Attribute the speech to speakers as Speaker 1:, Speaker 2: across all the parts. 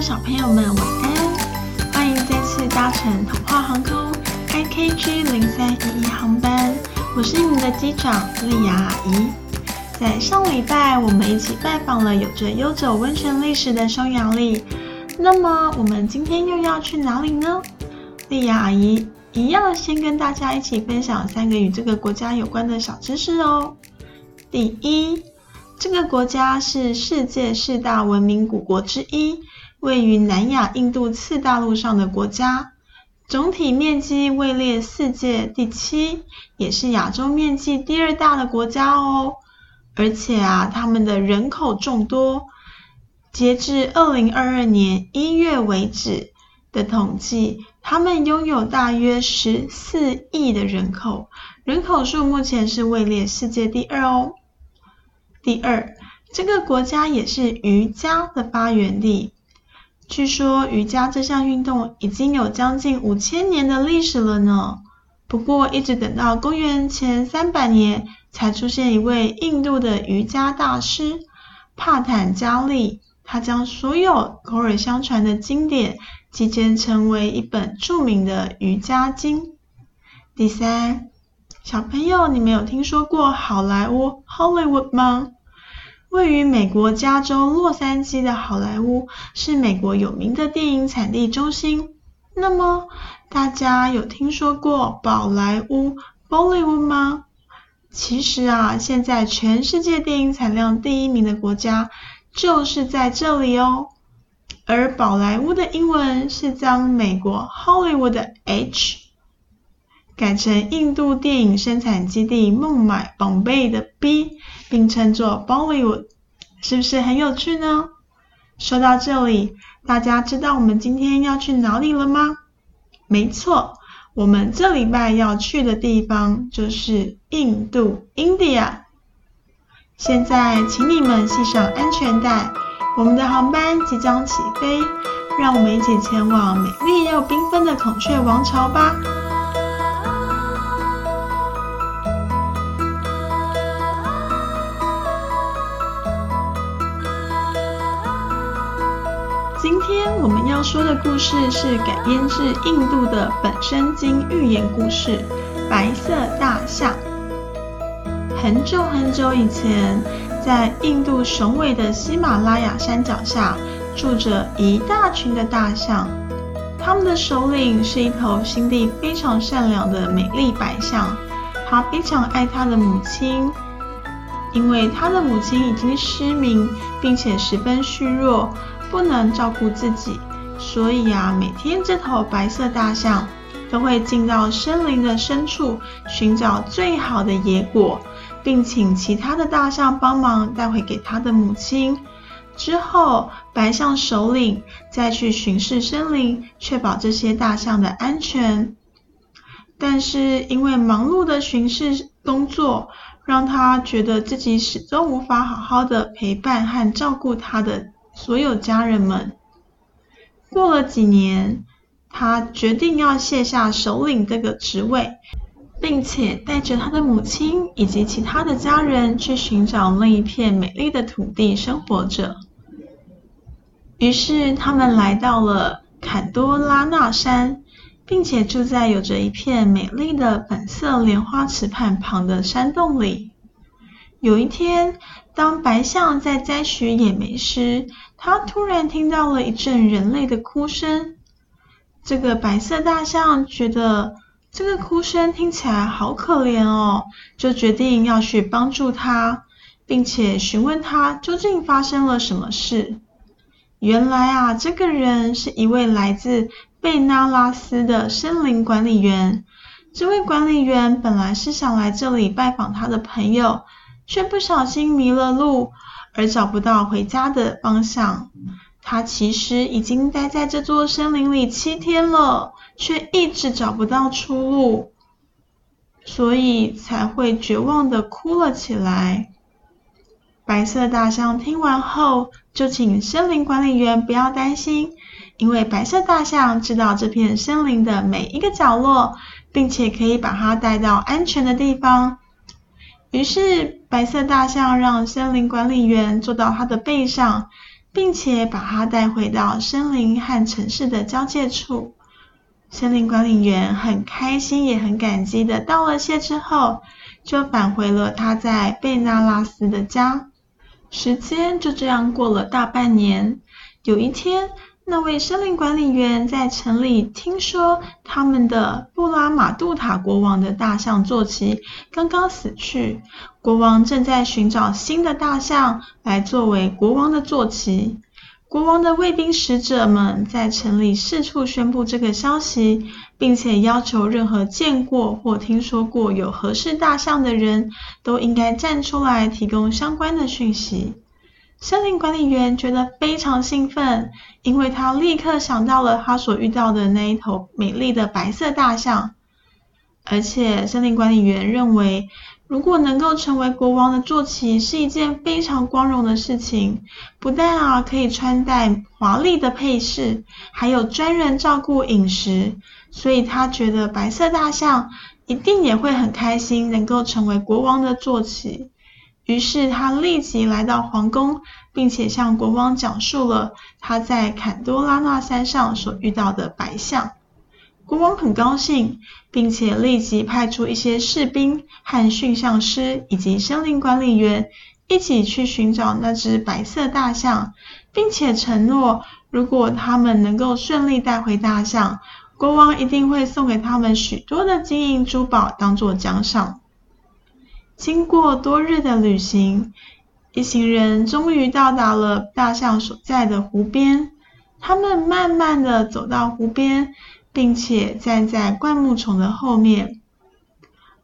Speaker 1: 小朋友們晚安，歡迎再次搭乘童話航空 I K G 零三一一航班，我是你們的機長莉雅阿姨。在上禮拜，我們一起拜訪了有着悠久溫泉歷史的匈牙利。那麼，我們今天又要去哪裡呢？莉雅阿姨一樣先跟大家一起分享三個與這個國家有關的小知識哦。第一，這個國家是世界四大文明古國之一。位於南亞印度次大陸上的國家，總體面積位列世界第七，也是亞洲面積第二大的國家哦。而且啊，他們的人口眾多，截至二零二二年一月為止的統計，他們擁有大約十四億的人口，人口數目前是位列世界第二哦。第二，這個國家也是瑜伽的發源地。據說瑜伽這項運動已經有將近五千年的歷史了呢。不過，一直等到公元前三百年，才出現一位印度的瑜伽大師帕坦加利，他將所有口耳相傳的經典集結成為一本著名的瑜伽經。第三，小朋友，你沒有聽說過好萊塢 Hollywood 嗎？位於美國加州洛杉磯的好萊塢是美國有名的電影產地中心。那麼，大家有聽說過寶萊塢、Bollywood 嗎？其實啊，現在全世界電影產量第一名的國家就是在這裡哦。而寶萊塢的英文是將美國 Hollywood 的 H。改成印度電影生產基地孟買 Bombay 的 B，並稱作 Bollywood，是不是很有趣呢？說到這裡，大家知道我們今天要去哪裡了嗎？沒錯，我們這禮拜要去的地方就是印度 India。現在請你們繫上安全帶，我們的航班即將起飛，讓我們一起前往美麗又繽紛的孔雀王朝吧。說的故事是改編自印度的《本生經》寓言故事《白色大象》。很久很久以前，在印度雄偉的喜馬拉雅山腳下，住着一大群的大象。他們的首領是一頭心地非常善良的美麗白象，它非常愛它的母親，因為它的母親已經失明，並且十分虛弱，不能照顧自己。所以啊，每天這頭白色大象都會進到森林的深處，尋找最好的野果，並請其他的大象幫忙帶回給他的母親。之後，白象首領再去巡視森林，確保這些大象的安全。但是，因為忙碌的巡視工作，讓他覺得自己始終無法好好的陪伴和照顧他的所有家人們。過了幾年，他決定要卸下首領這個職位，並且帶着他的母親以及其他的家人去尋找那一片美麗的土地生活着。於是，他們來到了坎多拉納山，並且住在有着一片美麗的粉色蓮花池畔旁的山洞裡。有一天，當白象在摘取野莓時，它突然聽到了一陣人類的哭聲。這個白色大象覺得這個哭聲聽起來好可憐哦，就決定要去幫助他，並且詢問他究竟發生了什麼事。原來啊，這個人是一位來自貝納拉斯的森林管理員。這位管理員本來是想來這裡拜訪他的朋友。卻不小心迷了路，而找不到回家的方向。他其實已經待在這座森林裡七天了，卻一直找不到出路，所以才會絕望地哭了起來。白色大象聽完後，就請森林管理員不要擔心，因為白色大象知道這片森林的每一個角落，並且可以把它帶到安全的地方。於是，白色大象讓森林管理員坐到它的背上，並且把它帶回到森林和城市的交界處。森林管理員很開心，也很感激的道了謝之後，就返回了他在貝納拉斯的家。時間就這樣過了大半年，有一天。那位森林管理員在城裡聽說，他們的布拉馬杜塔國王的大象坐騎剛剛死去，國王正在尋找新的大象來作為國王的坐騎。國王的衛兵使者們在城裡四處宣布這個消息，並且要求任何見過或聽說過有合適大象的人都應該站出來提供相關的訊息。森林管理員覺得非常興奮，因為他立刻想到了他所遇到的那一頭美麗的白色大象。而且，森林管理員認為，如果能夠成為國王的坐騎，是一件非常光榮的事情。不但啊可以穿戴華麗的配飾，還有專人照顧飲食。所以他覺得白色大象一定也會很開心，能夠成為國王的坐騎。於是他立即來到皇宮，並且向國王講述了他在坎多拉納山上所遇到的白象。國王很高興，並且立即派出一些士兵、和馴象師以及森林管理員一起去尋找那隻白色大象，並且承諾，如果他們能夠順利帶回大象，國王一定會送給他們許多的金銀珠寶當做獎賞。經過多日的旅行，一行人終於到達了大象所在的湖邊。他們慢慢的走到湖邊，並且站在灌木叢的後面。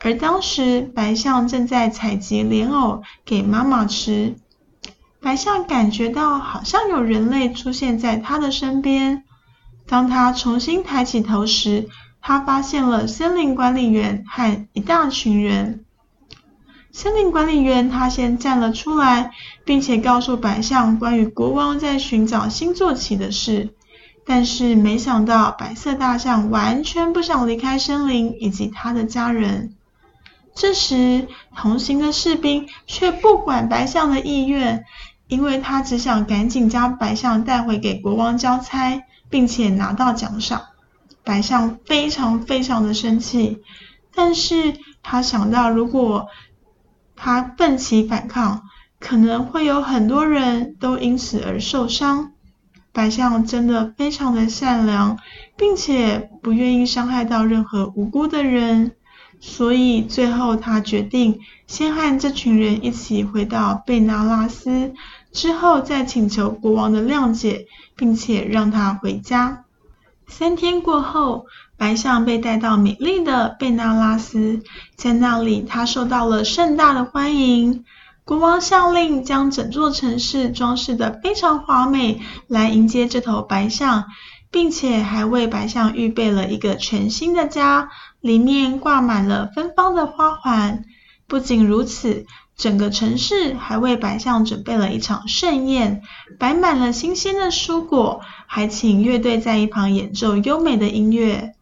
Speaker 1: 而當時白象正在採集蓮藕給媽媽吃。白象感覺到好像有人類出現在它的身邊。當它重新抬起頭時，它發現了森林管理員和一大群人。森林管理員他先站了出來，並且告訴白象關於國王在尋找新坐騎的事，但是沒想到白色大象完全不想離開森林以及他的家人。這時，同行的士兵卻不管白象的意願，因為他只想趕緊將白象帶回給國王交差，並且拿到獎賞。白象非常非常的生氣，但是他想到如果，他奮起反抗，可能會有很多人都因此而受傷。白象真的非常的善良，並且不願意傷害到任何無辜的人，所以最後他決定先和這群人一起回到貝納拉斯，之後再請求國王的諒解，並且讓他回家。三天過後。白象被帶到美麗的貝納拉斯，在那裡，它受到了盛大的歡迎。國王下令將整座城市裝飾得非常華美，來迎接這頭白象，並且還為白象預備了一個全新的家，裡面掛滿了芬芳的花環。不僅如此，整個城市還為白象準備了一場盛宴，擺滿了新鮮的蔬果，還請樂隊在一旁演奏優美的音樂。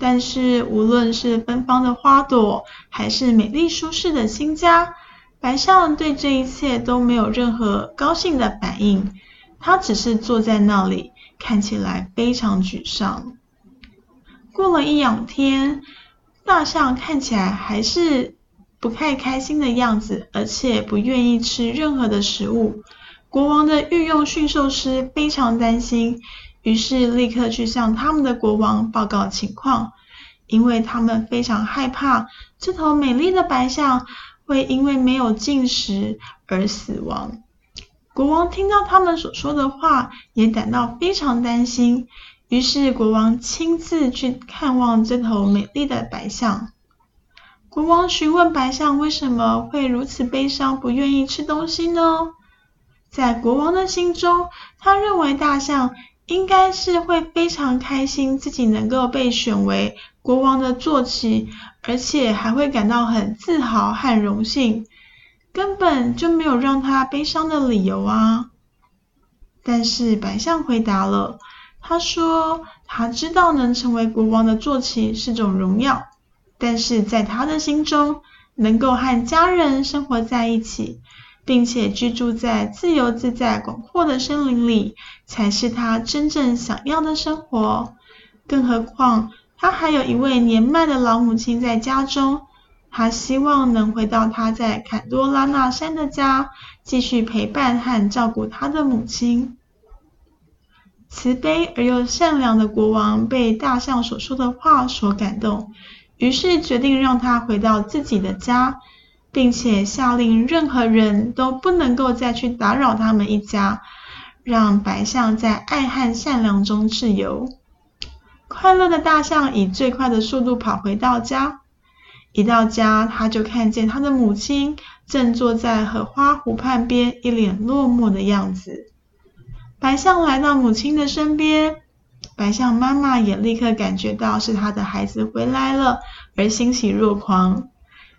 Speaker 1: 但是，無論是芬芳的花朵，還是美麗舒適的新家，白象對這一切都沒有任何高興的反應。他只是坐在那裡，看起來非常沮喪。過了一兩天，大象看起來還是不太開心的樣子，而且不願意吃任何的食物。國王的御用馴獸師非常擔心。於是立刻去向他們的國王報告情況，因為他們非常害怕這頭美麗的白象會因為沒有進食而死亡。國王聽到他們所說的話，也感到非常擔心。於是國王親自去看望這頭美麗的白象。國王詢問白象為什麼會如此悲傷，不願意吃東西呢？在國王的心中，他認為大象應該是會非常開心自己能夠被選為國王的坐騎，而且還會感到很自豪和榮幸，根本就沒有讓他悲傷的理由啊。但是白象回答了，他說他知道能成為國王的坐騎是種榮耀，但是在他的心中，能夠和家人生活在一起。並且居住在自由自在、廣闊的森林裡，才是他真正想要的生活。更何況他還有一位年邁的老母親在家中，他希望能回到他在坎多拉納山的家，繼續陪伴和照顧他的母親。慈悲而又善良的國王被大象所說的話所感動，於是決定讓他回到自己的家。並且下令，任何人都不能夠再去打擾他們一家，讓白象在愛和善良中自由。快樂的大象以最快的速度跑回到家，一到家，他就看見他的母親正坐在荷花湖畔邊，一臉落寞的樣子。白象來到母親的身邊，白象媽媽也立刻感覺到是他的孩子回來了，而欣喜若狂。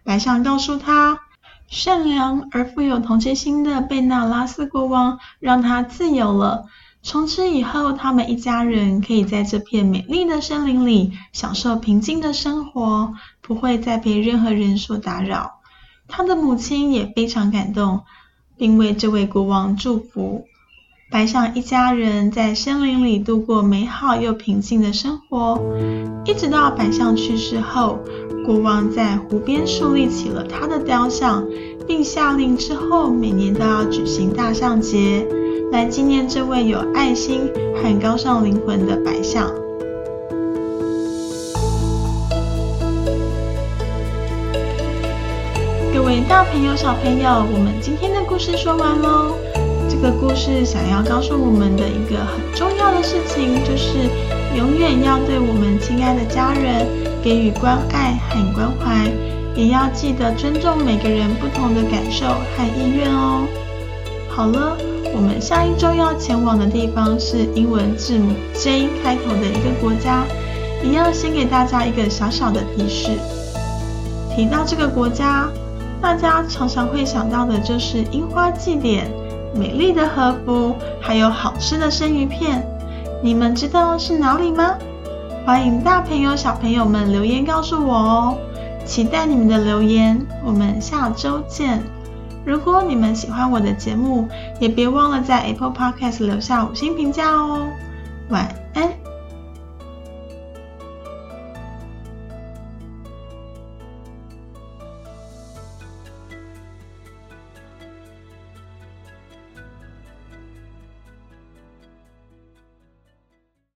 Speaker 1: 白象告訴他，善良而富有同情心的貝納拉斯國王讓他自由了。從此以後，他們一家人可以在這片美麗的森林裡享受平靜的生活，不會再被任何人所打擾。他的母親也非常感動，並為這位國王祝福。白象一家人在森林裡度過美好又平靜的生活，一直到白象去世後，國王在湖邊樹立起了他的雕像，並下令之後每年都要舉行大象節，來紀念這位有愛心和高尚靈魂的白象。各位大朋友、小朋友，我們今天的故事說完嘍。這個故事想要告訴我們的一個很重要的事情，就是永遠要對我們親愛的家人給予關愛和關懷，也要記得尊重每個人不同的感受和意願哦。好了，我們下一周要前往的地方是英文字母 J 開頭的一個國家，一樣先給大家一個小小的提示。提到這個國家，大家常常會想到的就是櫻花祭典。美麗的和服，還有好吃的生魚片，你們知道是哪裡嗎？歡迎大朋友小朋友們留言告訴我哦，期待你們的留言，我們下周見。如果你們喜歡我的節目，也別忘了在 Apple Podcast 留下五星評價哦。晚安。